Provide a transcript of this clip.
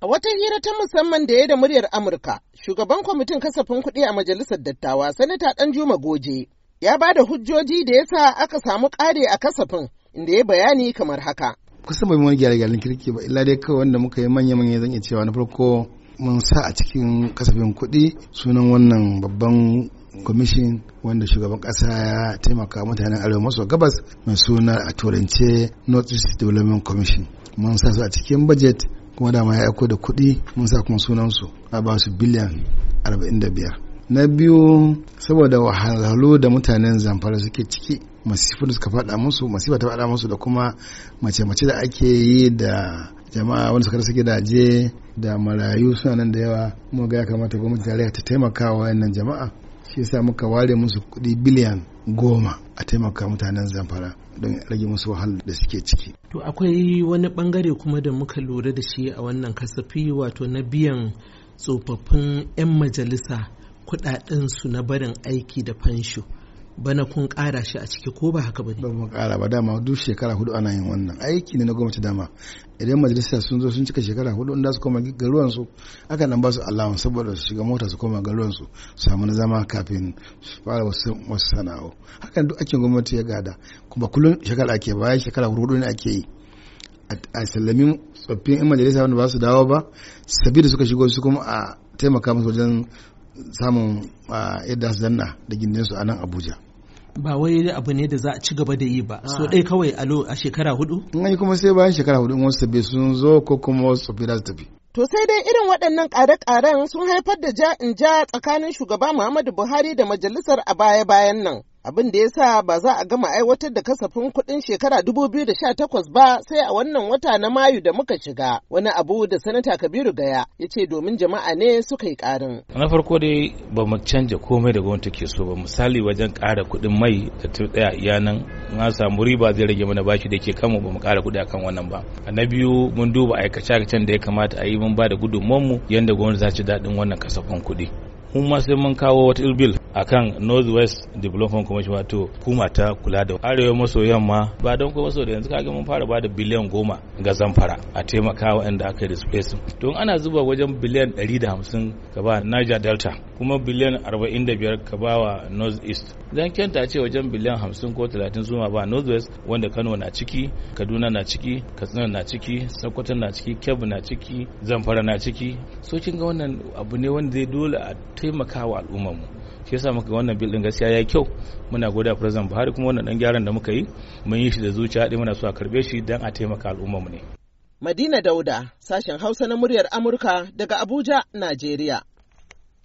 A wata hira ta musamman da ya da muryar Amurka, shugaban kwamitin kasafin kuɗi a majalisar dattawa, Sanata Ɗanjuma Goje, ya ba da hujjoji da ya sa aka samu ƙare a kasafin, inda ya bayani kamar haka. Kusa bai wani gyare-gyaren kirki ba, illa dai kawai wanda muka yi manya-manya zan iya cewa na farko mun sa a cikin kasafin kuɗi sunan wannan babban kwamishin wanda shugaban ƙasa ya taimaka mutanen arewa maso gabas mai suna a turance north east development commission mun sa su a cikin bajet. kuma dama ya aiko da kuɗi mun sa kuma sunansu a ba su biliyan 45 na biyu saboda wahalhalu da mutanen zamfara suke ciki masifu da suka faɗa musu masifa ta faɗa musu da kuma mace-mace da ake yi da jama'a wanda suka rasa je da marayu suna nan da yawa kuma ga ya kamata gwamnati tarayya ta taimaka wa wayannan jama'a shi yasa muka ware musu kuɗi biliyan goma a taimaka mutanen zamfara don rage musu wahalar da suke ciki. To akwai wani bangare kuma da muka lura da shi a wannan kasafi wato na biyan tsofaffin 'yan majalisa kudaden su na barin aiki da fansho. bana kun ƙara shi a ciki ko ba haka ba ne? Ba ƙara ba dama duk shekara hudu ana yin wannan aiki ne na gwamnati dama idan majalisa sun zo sun cika shekara hudu inda su koma garuwan su aka nan ba su alawan saboda su shiga mota su koma garuwan su samu na zama kafin su fara wasu sana'o hakan duk aikin gwamnati ya gada kuma kullum shekara ake bayan shekara hudu ne ake yi a sallami tsoffin yan majalisa wanda ba su dawo ba sabi da suka shigo su kuma a taimaka musu wajen samun yadda su danna da gindinsu a nan abuja ba wai abu ne da za a ci gaba da yi ba so ah. dai kawai a shekara hudu in kuma sai bayan shekara hudu wasu tabi sun zo ko kuma wasu bai su tafi To sai dai irin waɗannan ƙare-ƙaren sun haifar da ja in ja tsakanin shugaba Muhammadu Buhari da majalisar a baya-bayan nan. abin da ya sa ba za a gama aiwatar da kasafin kuɗin shekara da sha 2018 ba sai a wannan wata na mayu da muka shiga wani abu da sanata kabiru gaya ya ce domin jama'a ne suka yi karin. na farko dai ba mu canja komai da gwamnati ke so ba misali wajen ƙara kuɗin mai da ta tsaya iya nan na samu riba zai rage mana bashi da ke kanmu ba mu ƙara kuɗi akan wannan ba na biyu mun duba aikace aikacen da ya kamata a yi mun ba da gudunmuwanmu yadda gwamnati za ci daɗin wannan kasafin kuɗi. mun ma sai mun kawo wata ilbil. akan west development commission wato kuma ta kula da arewa maso yamma ba don kuma maso da yanzu kaga mun fara bada biliyan goma ga zamfara a taimaka inda aka yi displacing don ana zuba wajen biliyan 150 ba niger delta kuma biliyan 45 ka ba wa north east don kenta ce wajen biliyan 50 ko 30 zuma ba north west wanda kano na ciki kaduna na ciki katsina na ciki sokoto na ciki kebbi na ciki zamfara na ciki so kin ga wannan abu ne wanda zai dole a taimaka wa al'ummar mu shi yasa muka wannan bildin gaskiya ya kyau muna a president Buhari kuma wannan dan gyaran da muka yi mun yi shi da zuciya ɗaya muna so a karbe shi dan a taimaka al'ummar mu ne Madina Dauda sashen Hausa na muryar Amurka daga Abuja Najeriya